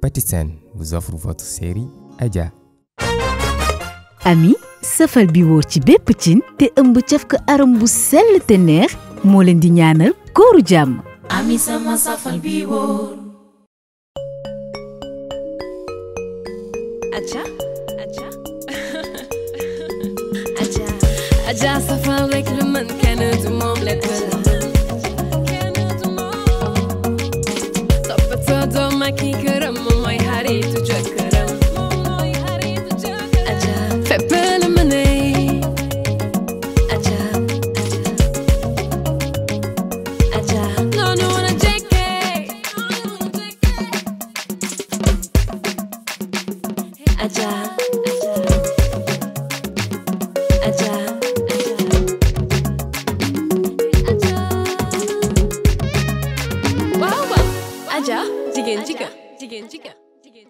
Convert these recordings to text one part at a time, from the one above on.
Patisen vous offre votre série Adja. ami sëfal bi wóor ci bépp cin te ëmb cëf ko bu sell te neex moo leen di ñaanal kóoru jàmm. Need to dress fatiguée.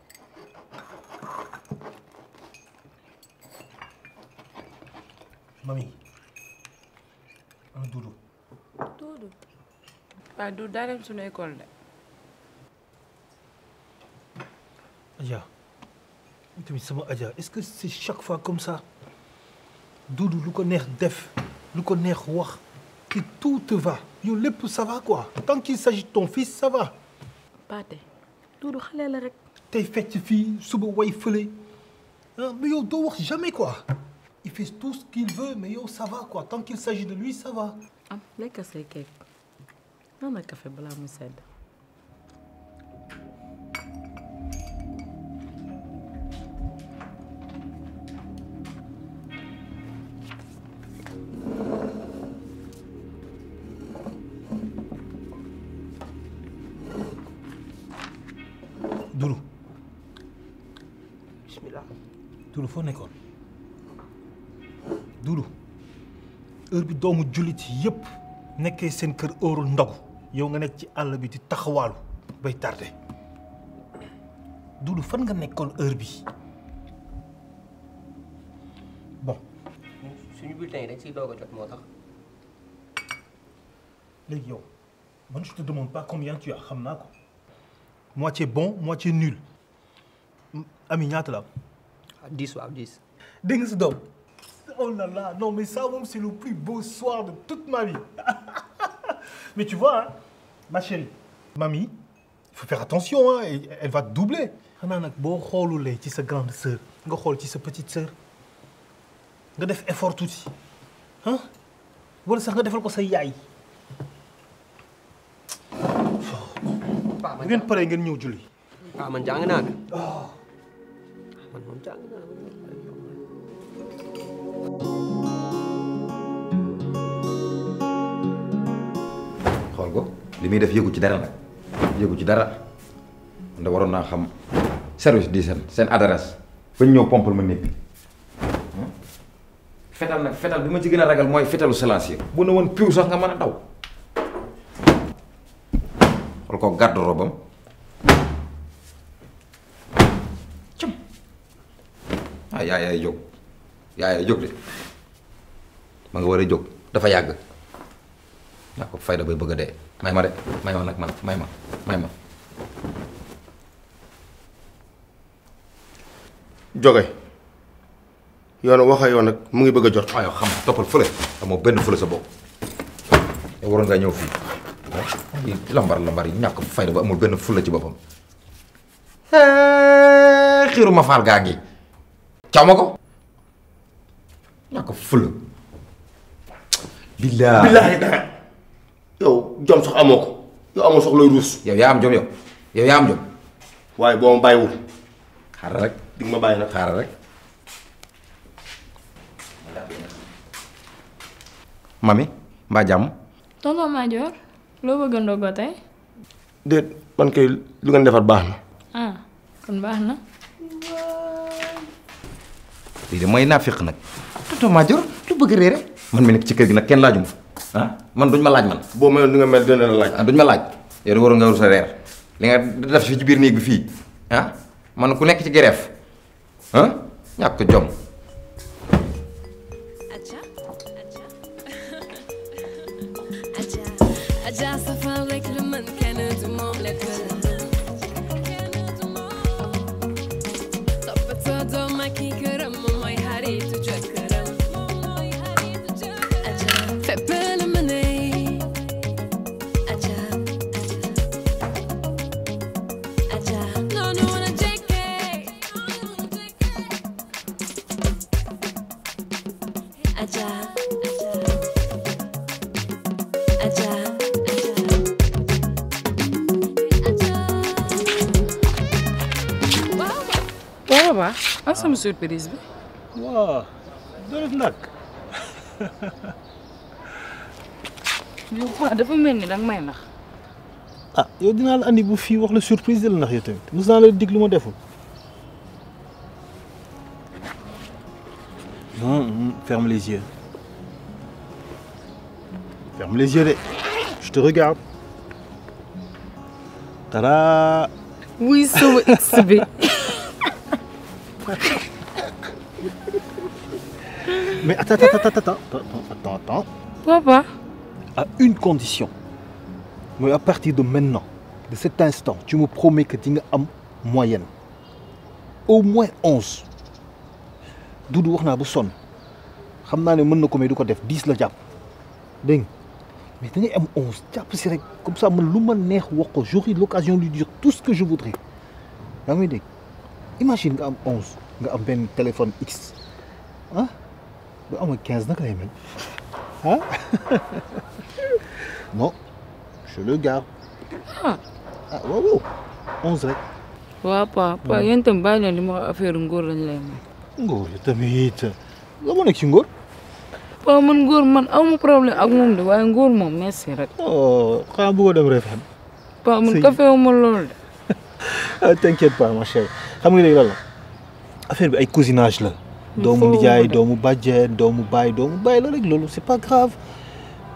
Mami. Un Doudou, Dudu. waaw bah, doudou daa dem suñu école de. Adja tamit sama est-ce que c'est chaque fois comme ça Doudou, le ko def lu ko neex wax tout te va yow lépp ça va quoi tant qu'il s'agit de ton fils ça va. Pas Dudu xale la rek tey fecc fii suba way fële mais yo, doo wax jamais quoi il fait tout ce qu'il veut mais yo, ça va quoi tant qu'il s'agit de lui ça va. ah léegi kese keek naan la café balaa muy Tu le foo nekkoon Doudou heure bi doomu julit yep. sen fait ndogu yow nga ci bay tardé Dudu, fan nga kon heure bon. suñu bulletin je te demande pas combien tu as xam moitié bon moitié nul ami 10 soirs. 10. Dings oh là là non mais ça c'est le plus beau soir de toute ma vie mais tu vois hein, ma chérie. mamie il faut faire attention hein, elle va te doubler. xanaa bon rôle ou ci sa grande sœur nga faut ci petite sœur nga def effort tuuti Tu hein? wala sax nga defal ko sa yaay. julli. Menunjang. xool ko li muy def yëgu ci dara nag yëgu ci dara ndax waroon naa xam service di seen seen adresse ba ñu ñëw ma néeg fetal nag fetal bi ma ci gën a ragal mooy fetalu silencieux ya. bu ne woon piw sax nga mën a daw xool ko garde robam ah yaay yaay jóg yaay yaay jóg de ma nga war a jóg dafa yàgg yaa fayda bay bëgg a dee may ma de may ma nag man may ma may ma. joge yoon waxa yoon nag mu ngi bëgg a jot. aywa ah, xam nga toppal fële amoo benn fële sa bopp te waroon ngaa ñëw fii lambar lambar yi ñàkk fayda ba amul benn fële ci boppam. Eh, xiiru faal gaa gi caw ma ko. ñàkk billaahi billaahi jom sax amoo yow amoo sax looy ruus. yow yaa am jom yow yaa am jom. waaye boo ma bàyyiwul. xaaral rek dig ma bàyyi nag xaaral rek. mami mbaa jàmm. tonton Madior loo bëgg a ndogu tey. déet man kay lu ngeen defar baax na. ah kon baax na. lii de mooy naafiq nag tonton Madior lu bëgg réere man mi nekk ci kër gi nag kenn laaj laajuma ah man duñ ma laaj man boo mel ni nga mel dina la laaj ah duñ ma laaj yow de waroon nga war sa reer li nga def ci biir néeg bi fii ah man ku nekk ci gereef ah jom Merhaba. Nasıl mı sürpriz bir? Vaa. Dërëf yow quoi dafa mel ni danga may nax. ah yow dinaa la andi bu fii wax la surprise de la nax yow tamit mos naa la dig lu ma deful. ferme, les yeux. Ferme les yeux, les. je te regarde. Tada Oui, so XB. Mais attends, attends, attends, attends, attends, attends. Papa À une condition. Mais à partir de maintenant, de cet instant, tu me promets que tu as moyenne. Au moins 11. Doudou, on a besoin. Je ne mën na ko mais du ko def dix la mais tu am onze rek comme ça man lu ma l'occasion de lui dire tout ce que je voudrais yaa imagine nga am onze nga am benn téléphone X ah bu am ah? non je le garde ah, ah waaw waaw 11 rek. waaw papa yéen affaire lañ lay tamit la waaw man góor man amu problème ak moom de waaye ngóor moom merci rek. oh xanaa bëggoo dem Réfane. pa man café wu ma loolu de. ah t'inquiète pas ma chérie xam nga léegi bi ay cousinage la. doomu nijaay doomu bàjjen doomu baay doomu baay la rek loolu c'est pas grave.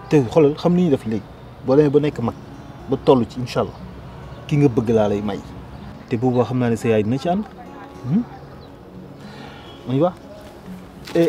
te xoolal xam ni ñu def léegi boo demee ba nekk mag ba toll ci incha allah ki nga bëgg laa may. te boobaa xam naa ne sa yaay dina ci ànd. Hmm? on y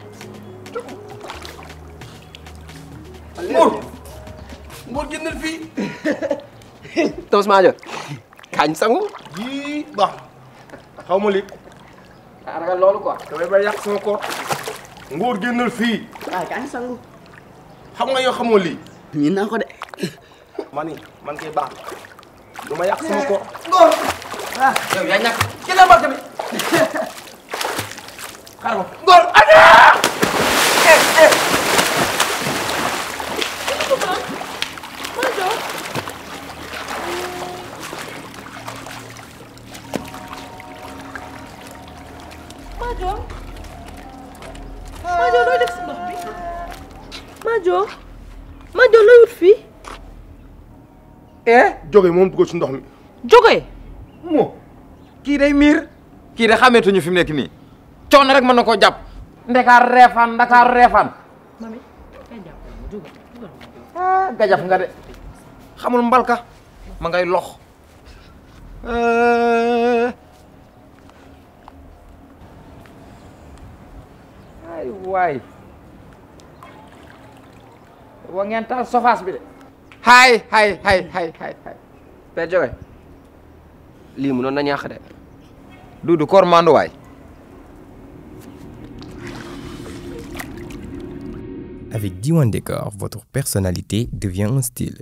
Mbour Mbour génnal fii. Toos Maajo kañ sangu. yii ba xaw ma li. ah ragal loolu quoi. damay bay yàq sama koor. Mbour génnal fii. waaw kañ sangu. xam nga yoo xamoo lii. ñun naa ko de. ma ni man kay baax na ma yàq sama koor. Mbour ah yaa ñàkk ci la mbaa tamit xaaral ma Mbour. jóge moom dugg ci ndox mi. jóge. moo kii day miir. kii de xàmmeetuñu fi mu nekk nii coono rek mën na koo jàpp. ndekaar reefaan ndakaar reefaan. mami ah gajaf nga de xamul mbalka ma ngay lox. Eh. ay waay wa ngeen taal sofaas bi de. hi hi hi hi hay Père Joge lii mënoon na ñaax de Duudu koor maandu waay Avec Diwan Décor, votre personnalité devient un style.